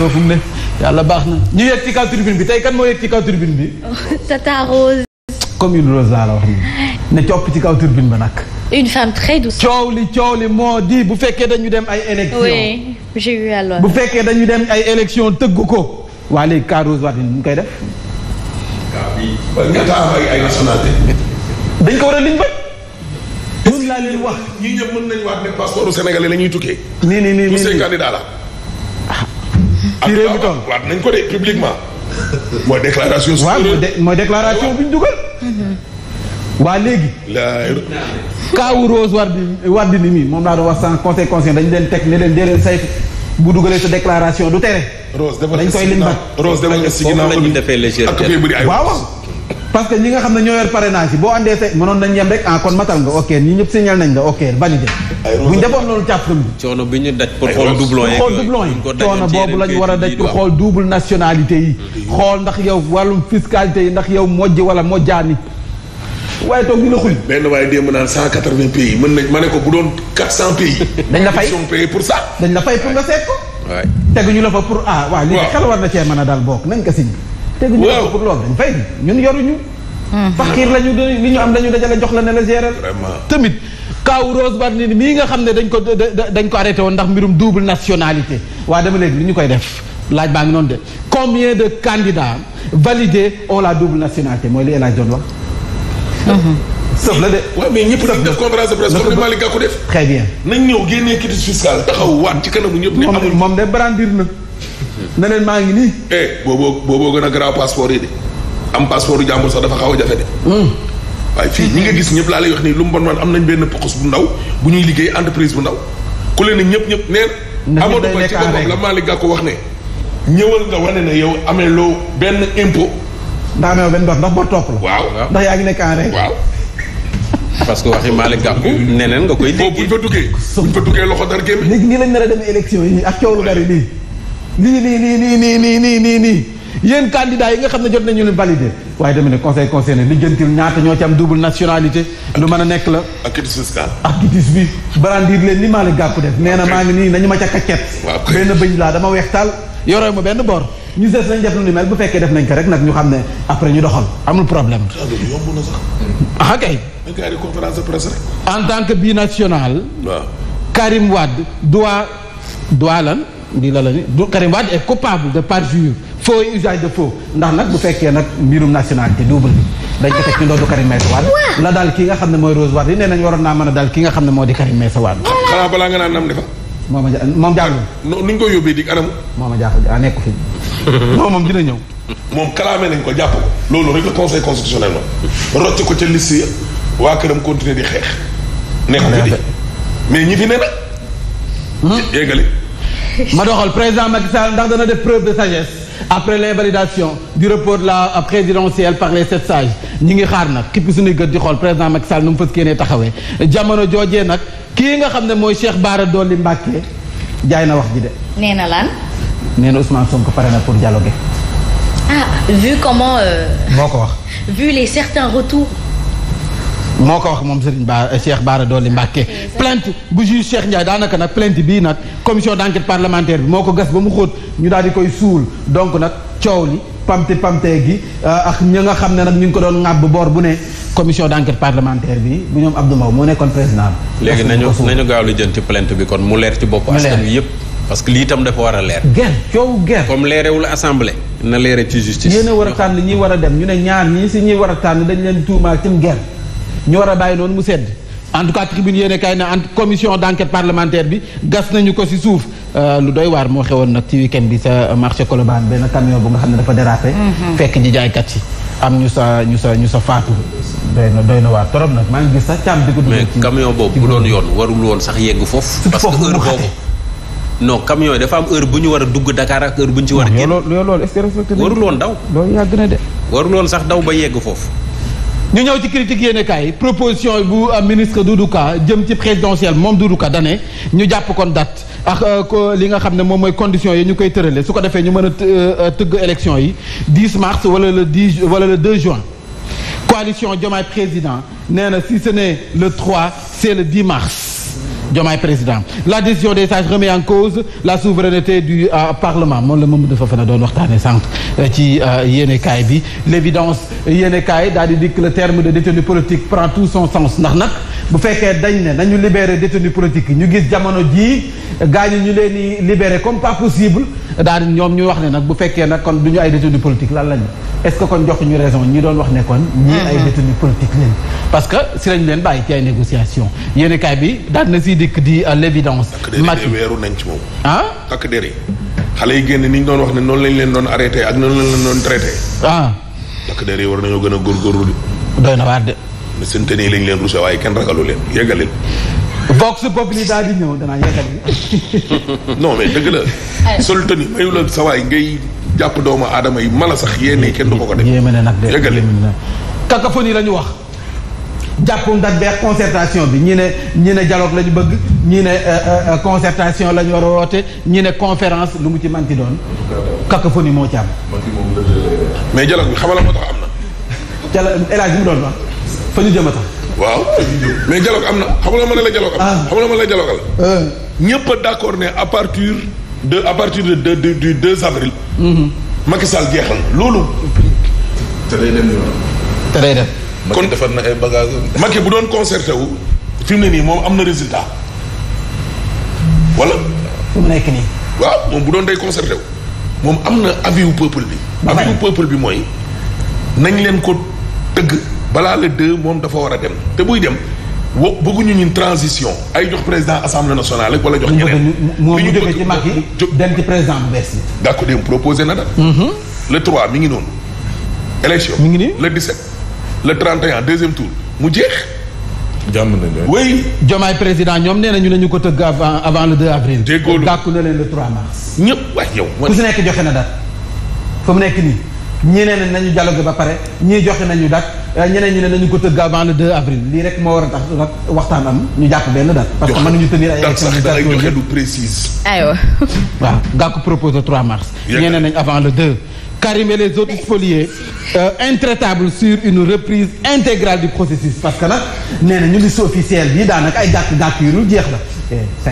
noo fu mu ne yàlla baax na ñu yegg ci kaw tribune bi tey moo yegg ci kaw bi. Tata Rose. comme une rose laa la wax nii. copp ci kaw tribune ba nag. une femme très douce. coow li coow li moo di bu fekkee dañu dem ay. élections oui j'ai bu fekkee dañu dem ay élections tëgg ko. waa léegi cas Rose Wardini ñu koy def. dañ ko war a liñ bët. moom laa leen wax. ñii ñëpp mën nañu waat ne passeport sénégalais la ñuy tukkee. nii nii nii nii tous ces la. fi réew mi toll waat nañ ko de publiquement mooy déclaration. waaw mooy déclaration bu ñu dugal. waa léegi. kaawu Rose Wardini Wardini mi moom laa doon wax sans conseil dañ dañu leen teg ne leen dee leen saytu bu dugalee sa déclaration du tere. Rose dañ koy lim ba Rose defal si ginnaaw ak waaw parce que ñi nga xam ne ñoo yor parrainage yi boo àndee sa mënoon nañ yem rek ah kon matal nga ok ñi ñëpp signal nañ la ok validé buñ defoon loolu jàpp mi xool doublon yi coono boobu la ñu yi ndax yow wàllum fiscalité yi ndax yow mojj wala mojjaani waaye toog ñu la xul benn waaye démb naan cent quatre-vingts pays mën ko bu doon quatre cent pays dañ la fay pour ça dañ la fay pour nga seet ko teguñu la fa pour ah waaw lii xel war na cee mën a daal bokk nañ ko signé tegu ñu pour loolu dañ fay ñun yoruñu. Hmm. fakiir lañu li ñu am dañu dajale jox la ne la gérer. tamit kaaw Rose Wardini mii nga xam ne dañ ko dañ ko arrêté woon ndax mbirum double nationalité waa dama léegi li ñu koy def laaj baa ngi noonu de combien de candidats validés ont la double nationalité mooy li El Hadj doon wax. Hmm. sëf la de. waaw mais ñëpp dañ def conférence de presse comme ni Malick très bien. nañ ñëw génnee quitus fiscal taxaw waat ci kanamu ñëpp. ne amul moom de brandir na. Hmm. ne leen maa ngi nii. eh booboo booboo gën a garaaw passeport yi de am passeport yu jàmbur sax dafa xaw a jafe de. Hmm. waaye fii ñi nga gis ñëpp laa lay wax ni lu mu bon man am nañ benn poxus bu ndaw bu ñuy liggéey entreprise bu ndaw ku leen ne ñëpp ñëpp neen. Amadou Ba ci boppam la Malick Gakou wax ne. ñëwal nga wane ne yow amee loo benn impôt. ndax amee benn bor ndax bor topp la. waaw ndax yaa ngi ne kaan rek. waaw. parce que waxi Malick neneen nga koy. boobu buñ fa duggee. buñ fa duggee loxo dara génn. nii lañ nar a demee élection yi ak coow lu bari nii. nii nii nii nii nii nii nii nii nii yéen candidats yi nga xam ne jot nañu leen valider waaye dama ne conseil conseil ne li jëntil ñaata ñoo ci am double nationalité lu mën a nekk la ak kitis bi brandir leen ni maa la gàpp def nee na maa ngi nii nañu ma ca kaccet benn bëñ laa dama weextaal yoroo ma benn bor ñu seet nañ def lu ni mel bu fekkee def nañ ko rek nag ñu xam ne après ñu doxal amul problème ah, ah kay en tant que binational Karim Wade doit doit lan di la la ni du Karim Wade est coupable de parjure faux et usage de faux ndax nag bu fekkee nag mbirum nationalité double bi dañ ko teg ci ndoddu Karim Meïssa la daal ki nga xam ne mooy Rose Wade yi nee nañ waroon naa mën a daal ki nga xam ne moo di Karim Meïssa Wade xanaa balaa nga naan nam defa moom ja moom jàngul ni ñu koy yóbbee dig anamu moom a jaaxal a ah, nekku fi moom moom dina moom kalaamee nañ ko jàpp ko loolu rek la conseil constitutionnel la rocc ko ca liste ya waa këram continuer di xeex nekku fi di mais ñi fi ne nag hmm? ma doxal président Macky Sall ndax dana def preuve de sagesse après l'invalidation du report de la présidentielle par les sept sages ñi ngi xaar nag xippi suñuy gët di xool président Macky Sall mu fas yéenee taxawee jamono joojee nag kii nga xam ne mooy Cheikh Bara Dolly Mbacké jaay na wax ji de. nee na lan. nee na Ousmane Sonko pare na pour dialoguer. ah vu comment. Euh, moo ko wax. vu les certains retours. moo ko wax moom Serigne Ba euh, Cheikh Bara Dolly Mbacké plainte bu juge Cheikh Ndiaye daanaka nag plainte bii nag commission d'enquête parlementaire bi moo ko gas ba mu xóot ñu daal di koy suul donc nag coow li pamte pamte gi euh, ak ñi nga xam ne nag ñu ngi ko doon ŋàbb boor bu ne commission d'enquête parlementaire bi bu ñoom Abdou Mbow moo nekkoon président bi léegi nañu nañu gaaw li jën ci plainte bi kon mu leer ci bopp askan wi yëpp parce que lii itam dafa war a leer ger coow ger comme leerewul assemblée ci justice yéen a war a a dem ñu ne ñaar ñii si ñi war a tànn leen tuumaal tim ger ñu war a bàyyi noonu mu sedd en tout cas tribune yéene kay na ant commission d' enquête parlementaire bi gas nañu ko si suuf euh, lu doy waar moo xewoon nag ci weekend bi sa marché Colobane benn camion bu nga xam ne dafa dérapé mhm. fekk ji jaaykat yi am ñu sa ñu sa ñu sa faatu doy na doy na waar torop nag maa ngi gis sax càmm di ko mais camion boobu bu doon yoon warul woon sax yegg foofu parce que heure boobu non camion yi dafa am heure bu ñu war a dugg Dakar ak heure bu ñu ci war a génn loolu est-ce que warul woon daw loolu yàgg na de warul woon sax daw ba yegg foofu ñu ñëw ci critique yéen kaay proposition bu euh, ministre Doudou Ka jëm ci présidentielle moom Doudou Ka dane ñu jàpp kon date ak euh, li nga xam ne moom mooy conditions yi ñu koy tërale su ko defee ñu mën a euh, tëgg élection yi 10 mars wala le 10 wala le 2 juin coalition Diomaye président nee na si ce le 3 c'est le 10 mars Diomaye président la décision des sages remet en cause la souveraineté du euh, parlement moom la Mamadou Fofana doon waxtaane sànq euh, ci euh, yéenekaay bi l'évidence yéenekaay daal di dikk le terme de détenu politique prend tout son sens ndax nag bu fekkee dañ ne nañu libéré détenu politique ñu gis jamono jii gaañu ñu leen di libéré comme pas possible daal ñoom ñu wax ne nag bu fekkee nag kon du ñu ay détenu politique lan lañu est-ce que kon joxuñu raison ñi doon wax ne kon. ñii mhm. ay détenu politique lañ. parce que si lañ leen bàyyi ci ay négociation yéen bi daan na siy dikk di euh, l'évidence. Macky weeru nañ ci moom. ah takk der yi xale yi génn ni ñu doon wax ne noonu lañ leen doon arrêté ak noonu lañ leen doon traité. ah takk der yi war nañoo gën a góorgóorlu. doy na ne seen tënee yi lañ leen rusé waaye kenn ragalu leen yeggal leen. vox populi daal di ñëw danaa yeggal non mais dëgg la. sol tëni mayu la sa waay ngay jàpp doomu aadama yi mala sax yéene kenn du ko ko def. yéeme na nag de yeggal leen cacophonie la ñu wax. jàppum dat beex concertation bi ñi ne ñi ne dialogue la ñu bëgg ñi ne euh, euh, euh, concertation la ñu war a woote ñi ne conférence lu mu ci manti doon cacophonie moo ci mais dialogue bi xamala moo tax am na dialogue El mu doon fa ñu jëm a waaw mais dialogue am na xam nga mën na la dialogue am. xam nga mën la dialogue am. Euh. ñëpp a ne à partir de à partir de de du du deux avril. Mm-hmm. Macky Sall jeexal loolu. te day dem kon defar na ay bagages. Macky bu doon concerté wu fi ne nii moom am na résultat wala. mu nekk nii. waaw moom bu doon day concerté wu moom am na avis wu peuple bi. avis wu peuple bi mooy nañ leen ko tëgg. balaa le deux moom dafa war a dem te muy dem wo bëgguñu ñun transition ay jox président assemblée nationale rek wala jox ñeneen. mu ñu jógee ci Macky dem ci président bu bees bi. d'accord dem proposé na dal mm-hmm. le 3 mi ngi noonu. élection mi ngi nii le 17. le 31 deuxième tour mu jeex. jàmm nañu oui. Diomaye président ñoom nee ñu ne ñu ko tëgg avant avant le 2 avril. déggoo lu gàkku na leen le 3 mars. ñëpp waay yow. ku si nekk joxe na date fa mu nekk nii. ñeneen ne nañu dialogue ba pare ñii joxe nañu date euh, ñeneen ñi ne nañu ko tëgg avant le 2 avril lii rek moo war a tax nag waxtaan am ñu jàpp benn date. parce que mënuñu tenir ay élections joxe du précise. aywa. waaw Gakou propose 3 mars. ñeneen nañ avant le 2. Karim les autres spoliés euh, intraitables sur une reprise intégrale du processus parce que nag nee na ñu liste officielle bi daanaka ay gàkk-gàkk yu lu jeex la.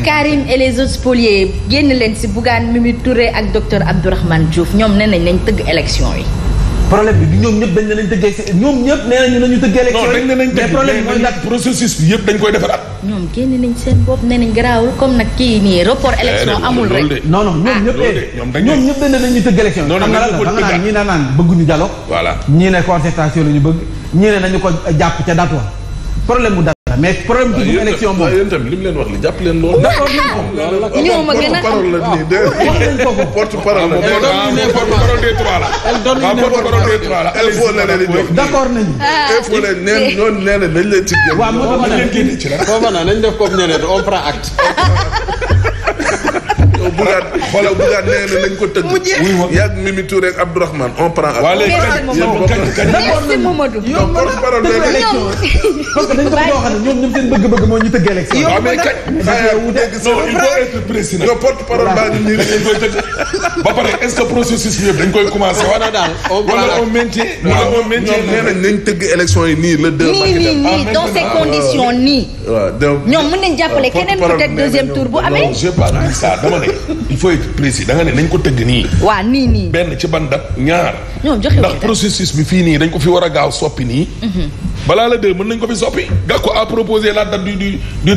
Karim et les autres spoliés génn leen si Bougane Mimi Touré ak docteur Abdourahmane Diouf ñoom nee nañ tëgg élection yi. problème bi ñoom ñëpp dañ ne nañu nañu tëggee yi. ne naan bëgguñu dialogue. ñii ne concertation la bëgg ñii ne nañu ko jàpp ca date problème bu date dara mais problème bi du ah, élection boobu. Ah, yéen tamit li mu leen wax li jàpp leen loolu. d'accord ñoom a gën a xam wax leen ko ko. porte parole la de porte parole des trois la. elle donne une ah, porte parole des trois la. info la leen di jox d'accord nañu. info la neen ñoon nee na nañ leen ci. waaw moo tax ma ne leen génne ci la. foofa naa nañ def comme ñeneen on prend acte. Bougane yow Bougane nee na nañ ko tëgg. mu jeex yàgg Mimi Touré ak Abdourahmane on prend. waaw léegi kañ kañ Momadou. yow parce que dañ ko doon xam ne ñoom ñoom seen bëgg-bëgg mooy ñu tëgg élection. yow ah, mais kañ. non il faut être précis nag. yow porte parole baa ngi nii dañ koy tëgg. ba pare est ce que processus bi yëpp dañ koy commencé. wala daal wala au maintien. wala au maintien nee nañ nañ tëgg élection yi nii le deux. nii nii nii dans ces conditions nii. waaw ah, donc ñoom mën nañ jàppale euh, keneen peut-être deuxième tour bu amee. j'ai pas dit ça dama ne. il faut être précis da nga ne nañ ko tëgg nii. waa nii nii. benn ci ban date ñaar. ñoom joxe ndax processus bi fii nii dañ ko fi war a gaaw soppi nii. Mhm. balaa la deux mën nañ ko fi soppi. Gakou a proposé la date du du du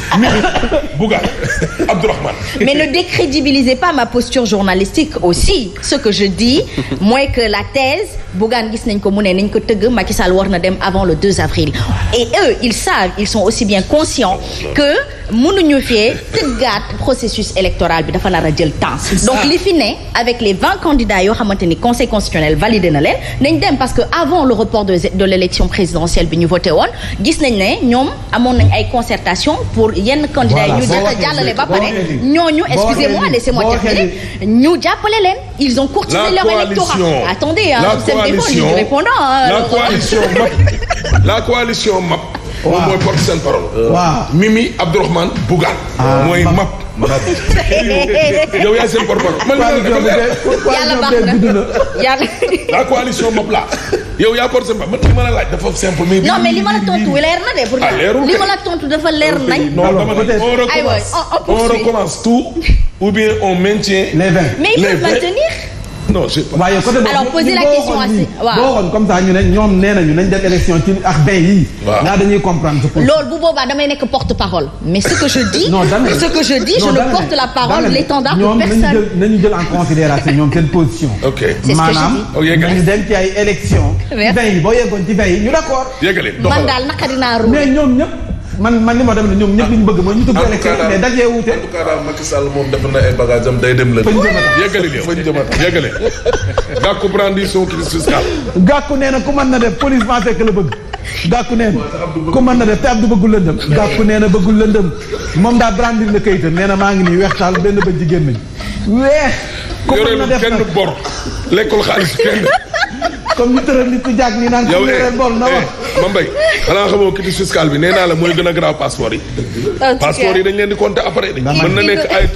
Bouga Abdourahmane. mais ne décrédibilisez pas ma posture journalistique aussi ce que je dis moins que la thèse Bougane gis nañ ko mu ne nañ ko tëgg Macky Sall war na dem avant le 2 avril et eux ils savent ils sont aussi bien conscients que mënuñu fee tëggaat processus électoral bi dafa nar a jël temps donc li fi ne avec les vingt candidats yoo xamante ni conseil constitutionnel validé na leen nañ dem parce que avant le report de l'élection présidentielle bi ñu voté woon gis nañ ne ñoom amoon nañ ay pour yenn candidat yi ñu jàkka jàllale ba pare ñooñu excusez-moi laissez-moi terminer ñu jàppale leen ils ont courtisé leur électorat attendez seen débat li ñu répondant la coalition MAP la coalition MAP moom mooy porte seen parole euh, waaw Mimi Abdourahmane Bougane ah, mooy MAP yow yaay seen porte parole man yàlla baax na yàlla la coalition MAP la yow yaa porté ma man li ma la laaj dafa simple. mais non mais li ma la tontu leer na de. pourtant ah, li ma la tontu dafa leer nañ. non non on recommence tout ou bien on maintient. non je. waaye côté boobu alors posez la question à waaw boo xoon comme ça ñu ne ñoom nee nañu nañ def élection ci ak benn yi. waaw naa dañuy comprendre. loolu bu boobaa damay nekk porte parole. mais ce que je dis. non ce que je dis je ne porte la parole l'étendard de personne. ñoom nañu jël nañu jël en considération ñoom seen position. ok c'est ce que je dis maanaam nañu dem ci ay élection. benn yi boo yeggoon ci benn yi ñu d'accord. yeggaleen doxal man daal naqari naa mais ñoom ñëpp. man man li ma dem ne ñoom ñëpp li ñu bëgg mooy ñu tuddee élection mais dajee wuute. en tout cas daal Macky moom def na ay bagages am dem la. fañ jëmata yeggali li fañ jëmata yeggali. Gakou brandi son crise na ku mën na def police maa fekk la bëgg. Gakou nee na ku mën na def te Abdou bëggul lëndëm. Gakou nee na bëggul lëndëm moom daa brandi la kayitam nee na maa ngi nii weex taal benn bëj jigéen nañ. weex. ku mën na def nag yoreelu kenn bor lekkul xaalis kenn comme ñu tëral nit ku jàkk nii naan. yow eh, eh Mambay xanaa xamoo quitus fiscal bi nee naa la mooy gën a garaaw passeport yi. passeport yi dañ leen di compter après. mën na nekk ay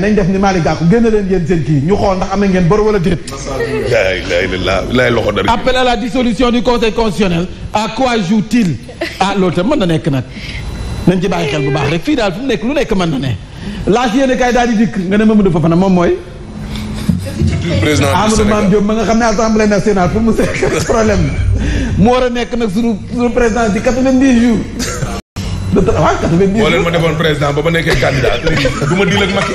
leen yéen seen kii ñu xool ndax am ngeen bor wala déet. lay loxo dara. appel à la dissolution du conseil constitutionnel à quoi joue ah loolu tam mën na nekk nag nañ ci bàyyi xel bu baax rek fii daal fu mu nekk lu nekk mën na ne laaj yéen a kaay daal di dikk nga ne moom mooy. président Amadou Mame Diop ma nga xam ne assemblée nationale pour mu seet problème la mu war a nekk nag suñu suñu président ci quatre-vingt-dix jours. de waaw quatre-vingt-dix jours boo leen ma defoon président ba ma nekkee candidat du ma diil ak Macky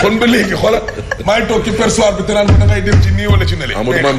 kon ba léegi xoolal maa ngi toog ci perchoir bi te naan ko dangay dem ci nii wala ci nele.